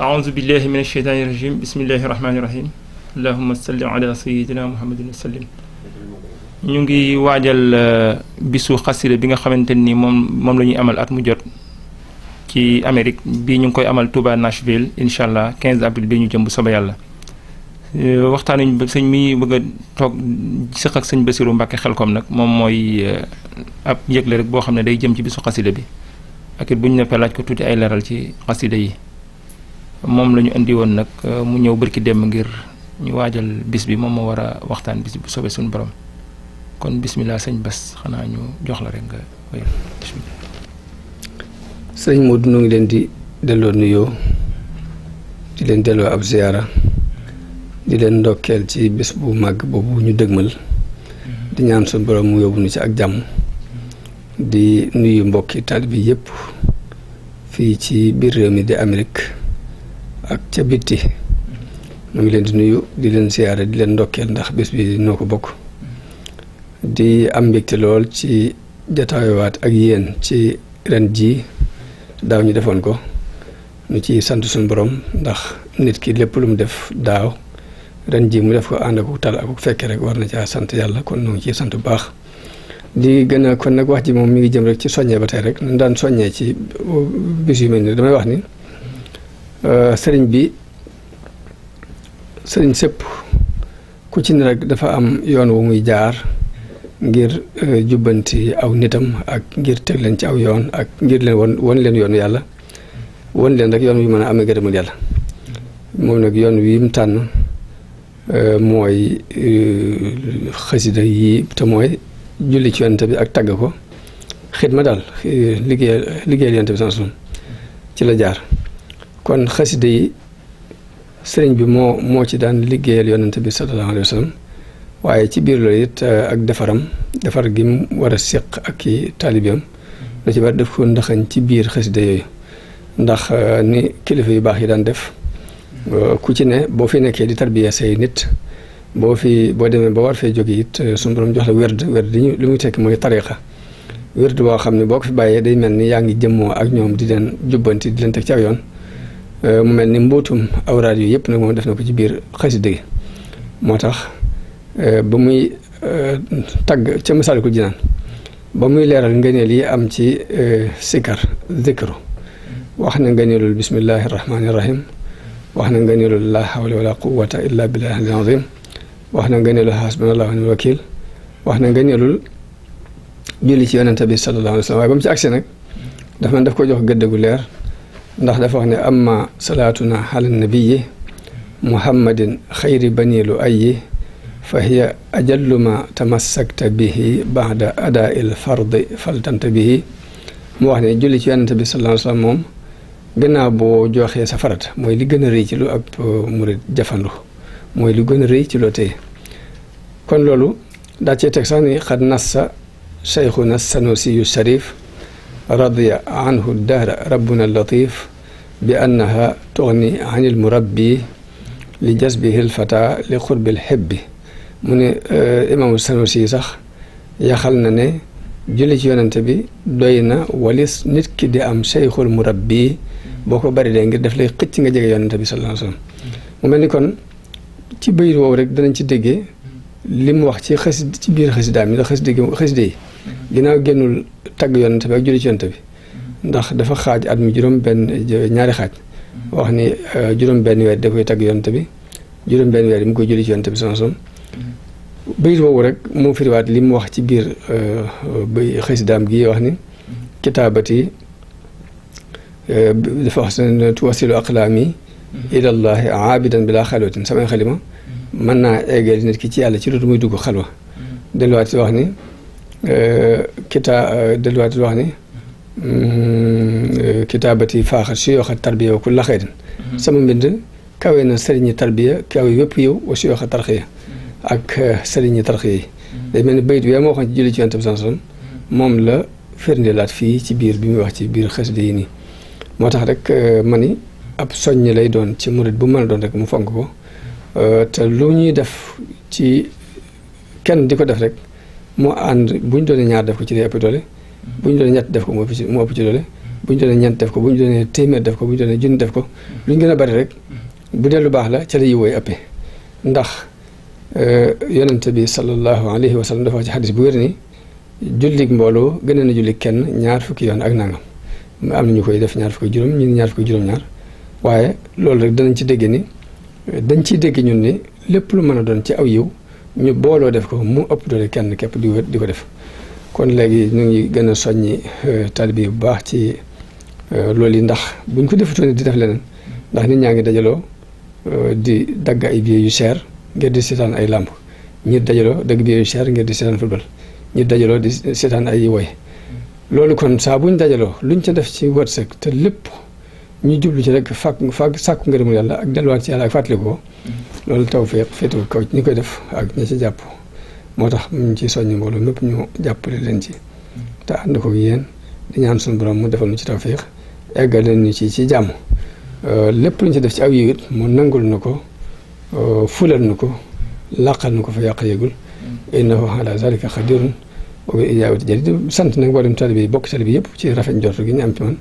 aouzu billahi min asheytaani rajim bismillahi rahmaani rahim allahuma salli ala sayidina muhammadin wa sallim ñu ngi waajal uh, bisu xasida bi nga xamante ni moom moom la ñuy amal at mu jot ci Amérique bii ñu ngi koy amal Touba Nashville incha allah 15 avril bi ñu jëm bu soobee yàlla uh, waxtaan nañu sëñ mi bëgg a toog sëq ak sëñ Basiru Mbàkke Xelkom nag moom mooy uh, ab yëgle rek boo xam ne day jëm ci bisu xasida bi ak it bu ñu nekkee laaj ko tuuti ay leeral ci xasida yi. moom lañu indi woon nag euh, mu ñëw bërki dem ngir ñu waajal bis bi moom moo war a waxtaan bis bu soobee suñu borom kon bismillah sëñ Bass xanaa ñu jox la rek nga wéyal bismillah. sëñ Modou ñu ngi leen di delloo nuyoo di leen delloo ab ziyaara di leen ndokkeel ci bis bu màgg boobu ñu dëgmal mhm. di ñaan suñu borom mu yóbbu ñu ci ak jàmm di nuyu mbokki taalibe bi yëpp fii ci biir réew mi di Amérique. ak ca bitti ñu ngi leen di nuyu di leen siyaare di leen ndokkeel ndax bés bi noo ko bokk di am mbégte lool ci jataayuwaat ak yéen ci ren jii daaw ñu defoon ko ñu ci sant suñu borom ndax nit ki lépp lu mu def daaw ren jii mu def ko ànd ak tal ak fekkee rek war na caa sant yàlla kon ñu ngi sant bu baax. di gën a kon nag wax ji moom mi ngi jëm rek ci soññee ba tey rek ñu daan soññee ci bis yu mel nii damay wax ni. Euh, sëriñ bi sëriñ sëpp ku ci ne rek dafa am yoon wu muy jaar ngir euh, jubbanti aw nitam ak ngir teg leen ci aw yoon ak ngir leen won won leen yoonu yàlla won leen rek yoon wi mën a amee gërëmul yàlla moom nag yoon wi mu tànn euh, mooy xasida yi te mooy julli ci yonent bi ak tàgg ko xidma daal liggéeyal liggéeyal yonent bi sans ci la jaar kon xasida yi sëriñ bi moo moo ci daan liggéeyal yonante bi sallallahu alayhi waaye ci biir loolu it eh, ak defaram defar gi mu war a seq ak i taalibeem lu mm-hmm. ci bari def ko ndaxañ ci biir xasida yooyu ndax eh, ni kilifa yu baax yi daan def mm-hmm. eh, ku ci ne boo fi nekkee di tarbiya say nit boo fi boo demee ba war fee jóge it suñu borom jox la werd werd di li muy tekki mooy tariqa mm-hmm. werd boo xam ne boo ko fi bàyyee day mel ni yaa ngi jëmmoo ak ñoom di leen jubbanti di leen teg ci aw yoon Euh, mu mel ni mbootum awraad yooyu yëpp nag moom def na ko ci biir xasida gi moo tax euh, ba muy euh, tagg ca Masaalikul Jinaan ba muy leeral ngëneel yi am ci sikar zikru wax na ngëneelul bismillahi rahmaani rahim wax na ngëneelul laa hawla wala quwata illa billah al azim wax na ngëneelul hasbunallahu ni'mal wakil wax na ngëneelul julli ci yonente bi sallallahu alayhi wa sallam waaye ba mu ci agsi nag daf man daf ko jox gëdd gu leer ndax dafa wax ne amma salaatuna ala nabiyi muhammadin xayri bani lu ayi fa hiya ajallu ma tamassakta bihi baada ada il fardi faltanta bihi mu wax ne julli ci yonante bi sallallahu alayhi wasallam moom gannaaw boo joxee sa farat mooy li gën a rëy ci uh, mooy lu gën a rëy ci loo téye kon loolu daa cee teg sax ni xad nas sa cheikhuna sanusi yu radiya anhu dahra rabbuna latif bi annaha tugni anil murabbi li jasbihi lfata li qurbil xibbi mu ne euh, imaamu Sanusi sax yaxal na ne julli ci yonante bi doy na walis nit ki di am seyxul murabbi boo ko bari dee ngir def lay xëcc nga jege yonante bi sallallahu alayhi wasallam mu mel kon ci bayit woowu rek danañ ci déggee li mu wax ci xasi ci biir xasidaam yi la xasida yi ginnaaw génnul tagg yonent bi ak julli ci yonent bi ndax dafa xaaj at mi juróom benn ñaari xaaj wax ni euh, juróom benn weer da koy tagg bi juróom benn weer yi mu koy julli ci yonent bi sansom bayit woowu rek moo firiwaat li mu wax ci biir euh, bay xësidaam gi wax ni kitaabati euh, dafa wax seen wasilu aqlaami ilallahi aabidan bilaa xalwatin samay xalima mën naa eggal nit ki ci yàlla ci dootu muy dugg xalwa delluwaat wax ni Euh, kita euh, delluwaat wax ni mm, euh, kitaabati faaxat si yoo xam tarbiya ku la mhm. sama mbind kawe na sëriñi tarbiya kawe yëpp yow wa si yoo tarxiya mhm. ak sëriñi tarxiya yi mhm. day mel ni bayit bi yaa moo xam ci julli ci yonent bi sansom moom la laat fii ci biir bi muy wax ci biir xasida yi nii moo tax rek ma ni ab soññ lay doon ci murit bu mën a doon rek mu fonk ko te lu ñuy def ci kenn di ko def rek moo ànd bu ñu doonee ñaar def ko ci day ëpp doole bu ñu doonee ñett def ko moo ci ëpp ci doole bu ñu doonee ñeent def ko bu ñu doonee téeméer def ko bu ñu doonee junni def ko lu ñu gën a bari rek bu dee lu baax la ca la yiwooy ëppee ndax euh, yonente bi sallallahu alayhi wa sallam dafa wax ci xadis bu wér ni jullig mbooloo gën na jullig kenn ñaar fukki yoon ak nangam am na ñu koy def ñaar fukki juróom ñun ñaar fukki waaye loolu rek danañ ci dégg ni dañ ciy dégg ñun ni lépp lu mën a doon ci aw yiw ñu booloo def ko mu ëpp doole kenn képp di di ko def kon léegi ñu ngi gën a soññi euh, talibi bu baax ci euh, loolu yi ndax buñ ko defatoon di def leneen ndax nit ñaa ngi dajaloo euh, di dagg ay billets yu cher ngir di seetaan ay làmp ñi dajaloo dagg bii yu cher ngir di seetaan football ñi dajaloo di seetaan ay woy loolu kon saa buñ dajaloo luñ ca def ci wërsëg te lépp ñu jublu ci rek fàkk fàkk sàkku ngërëmu yàlla ak delluwaat ci yàlla ak fàttaliku ko loolu taw feex féetu kaw ñi koy def ak ñi ci jàpp moo tax mu ñu ci soññ mbooloo mépp ñu jàppale leen ci te ànd ko yéen di ñaan suñu borom mu defal ñu ci taw feex eggal leen ñu ci ci jàmm euh, lépp luñ ci def ci aw yiwit mu nangul na ko euh, fulal na ko làqal na ko fa yàq yégul innahu ala zalika xadirun wa ijaawati jari sant nag mboolem talibi bokk talibi yëpp ci rafet njort gi ñu am ci man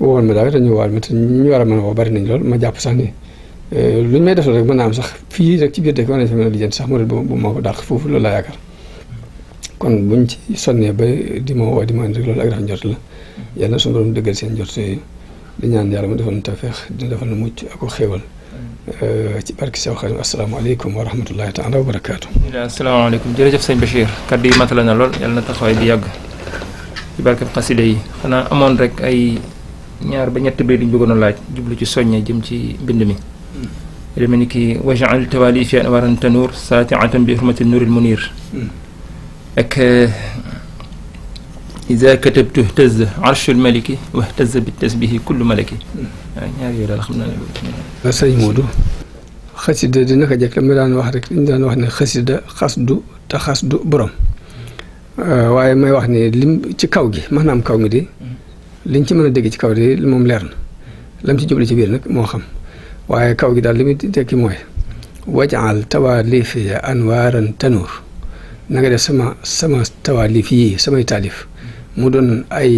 wowoon ma daaw te ñu waar ma te ñu war a mën a woo bari nañ lool ma jàpp sax Euh, lu ñu may defal rek mën naa am sax fii rek ci biir dëkk war nañ fi mën a sax murid bu moo ko dàq foofu loolu laa yaakaar kon buñ ci sonnee ba di ma woo di ma indi rek loolu ak rafet njort la yàlla na suñu borom dëggal seen njort yooyu di defal nu tawfeex dina defal nu mucc ak ko xéewal euh, ci barki Seex Xaadim asalaamaaleykum wa rahmatullahi taala wa barakaatu. asalaamaaleykum jërëjëf sëñ Bachir kaddu yi matal na lool yàlla na taxawaay bi yàgg ci barkeb xasida xanaa amoon rek ay ñaar ba ñett bi liñ bëggoon a laaj jublu ci soññe jëm ci mbind mi lu mel ni ki wajaal tawali fi anwaran tanuur saatiatan bi hurmati nuuril munir ak eh, ida katabtu htaz arshul bi tasbihi kullu malaki waaw ñaari yooyu daal xam naa ne sëñ Modou xasida dina ko daan wax rek ñu daan wax ne xasida xas du te xas du borom eh, waaye may wax ne lim ci kaw gi maanaam kaw gi di liñ ci mën a dégg ci kaw di moom leer na lam ci jublu ci biir nag moo xam waaye kaw gi daal li muy tekki mooy wajal tawaalif ya anwaaran tanuur na nga def sama sama tawaalif yii samay taalif mu doon ay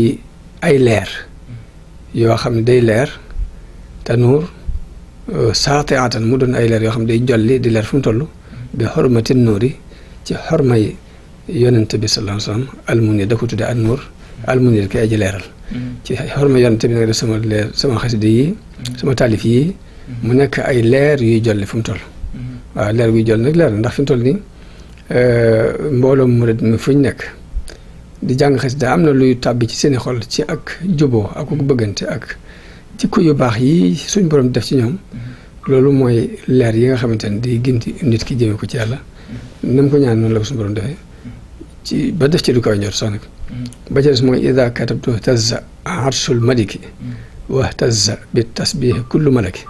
ay leer yoo xam ne day leer tanuur euh, saate atan mu doon ay leer yoo xam ne day jolli di leer fu mu toll bi xormati nuur ci xormay yonente bi sallallahu alayhi wasallam almunir da ko tudde an nuur almunir kay aji leeral mm-hmm. ci xormay yonente bi na nga def sama leer yii mm-hmm. sama taalif yii mu nekk ay leer yuy jolli fu mu toll. Mm-hmm. waaw leer guy jolli nag leer ndax fi mu toll nii euh, mbooloo murid mi fu ñu nekk di jàng xasida am na luy tàbbi ci seeni xol ci ak juboo ak ku bëggante ak jikko yu baax yi suñ borom def ci ñoom. Mm-hmm. loolu mooy leer yi nga xamante ne di gindi nit ki jëme ko ci yàlla. Mm-hmm. ni ko ñaan noonu la ko suñu borom defee. ci ba def ci lu koy ñor sax nag. ba ca des mooy ida katabtu tazza arshul maliki واهتز بالتسبيح كل ملك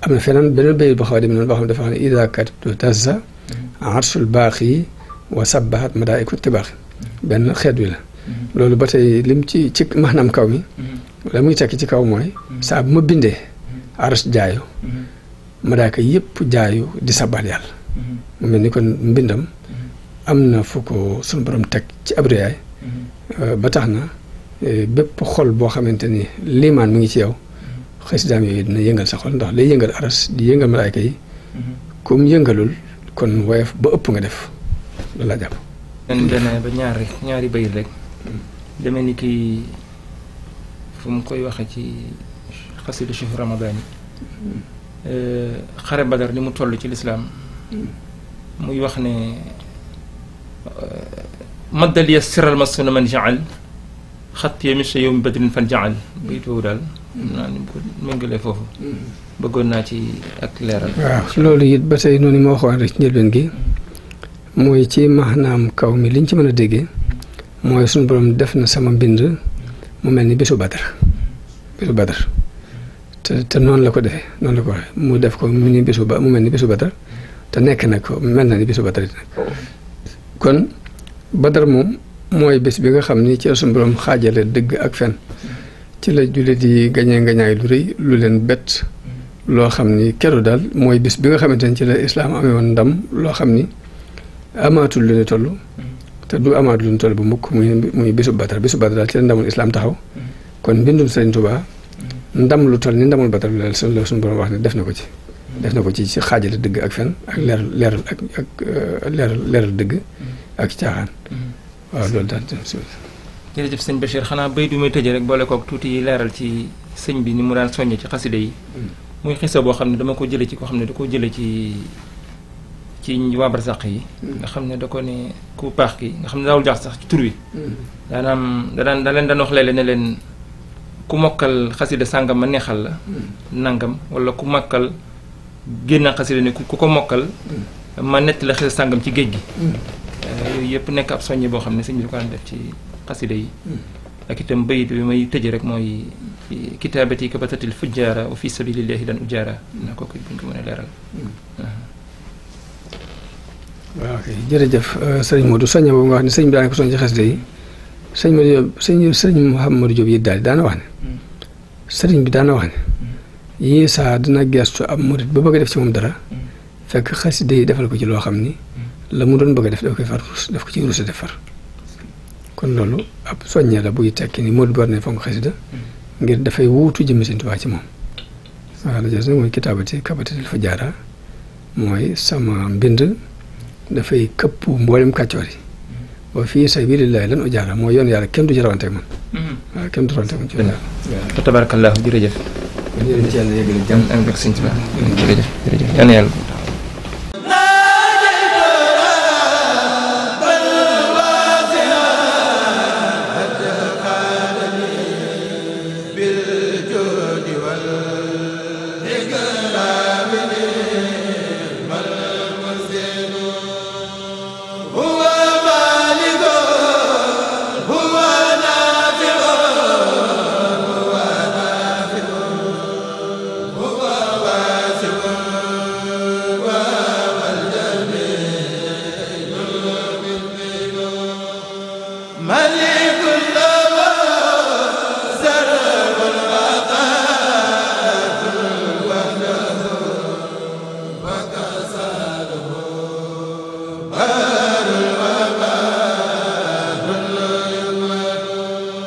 am na feneen beneen béy boo xaw dem noonu boo xam ne dafa xam ne ida katibtu tazza arshul baaqi wa sabbahat malaaiku tibaax benn xeet wi la loolu ba tey ci ci maanaam kaw mi la ci kaw mooy saa bu ma bindee arsh jaayu malaaka yëpp jaayu di sabbaal yàlla mu mel ni kon mbindam am na fu ko sunu teg ci abriyaay ba tax na Euh, bépp xol boo xamante ni liimaan mu ngi ci yow xasidaam yooyu dina yëngal sa xol ndax day yëngal aras di yëngal malaayka yi comme mm-hmm. yëngalul kon woyof ba ëpp nga def loolu laa jàpp ba rek ñaari bayit rek mm. demee ni kii fu mu koy waxe ci xasida chef ramadaan yi mm. euh, xare badar li mu toll ci lislaam mm. muy wax ne euh, maddaliya siral masuna man jaal xattiyee monsieur yow mi badrin fan jaxal bayit boobu daal am naa ni mu ko méngalee foofu mm. bëggoon naa ci ak leeral waaw loolu it ba tey noonu ma waxoon rek ci njëlbeen ci maanaam kaw mi liñ ci mën a déggee mooy def na sama mbind mu mel ni bésu badar bésu te noonu la ko defee noonu la ko waxee mu def ko mu ni bésu ba mel ni bésu badar te nekk na mel na ni bésu badar nag oh. kon badar moom mooy bés bi nga xam ni ci la suñu borom xaajale dëgg ak fen ci la jullit yi gañee ngañaay lu rëy lu leen bett loo xam ni keru daal mooy bés bi nga xamante ni ci la islaam amee woon ndam loo xam ni amaatul lu ne toll te du amaat lu ñu toll bu mukk muy muy bésu Badar bésu Badar daal ci la ndamul islaam taxaw kon mbindum Sëriñ Tuubaa ndam lu toll ni ndamul Badar bi daal la suñu borom wax ne def na ko ci def na ko ci si xaajale dëgg ak fen ak leer leer ak euh, leer leeral dëgg ak waaw loolu daal jërëjëf sëñ Bachir xanaa bay du may tëjee rek boole kook tuuti yi leeral ci sëñ bi ni mu daan soññe ci xaside yi hmm. muy xisa boo xam ne dama ko jële ci koo xam ne da jële ci ci waa barsàq yi hmm. nga xam ne da ko ne ku baax ki xam ne daawul sax ci tur wi hmm. daanaam da leen daan wax léeg-léeg leen ku mokkal xasida sàngam ma neexal la nangam wala ku mokkal génn xasida ne ku ko mokkal ma nett la xasida sàngam ci géej gi Euh, yooyu yëpp nekk ab soññe boo xam ne sëñ bi ko daan def ci xasida yi hmm. ak itam bayit bi may tëj rek mooy kitaabati kabatatil hmm. a leeral hmm. waaw kay jërëjëf euh, daana wax ne sëriñ bi daana wax ne yii saa dina geestu ab murit ba bëgg a def ci moom dara fekk xasida yi defal ko ci loo xam ni la mu doon bëgg a def daf koy far daf ko ci ruus def far kon loolu ab soññee la buy tekki ni Modou Borne fonk xasida ngir dafay wuutu jëmmi Sëñ Tuubaa ci moom waaw la jës mooy kitaabati kabati dafa jaara mooy sama mbind dafay këpp mboolem kàccoor yi wa fii sabilillahi lan ujaara mooy yoon yàlla kenn du ci rawante man mm-hmm. kenn du rawante man ci tabarakallahu jërëjëf jërëjëf yàlla yëgal jàmm ak sëñ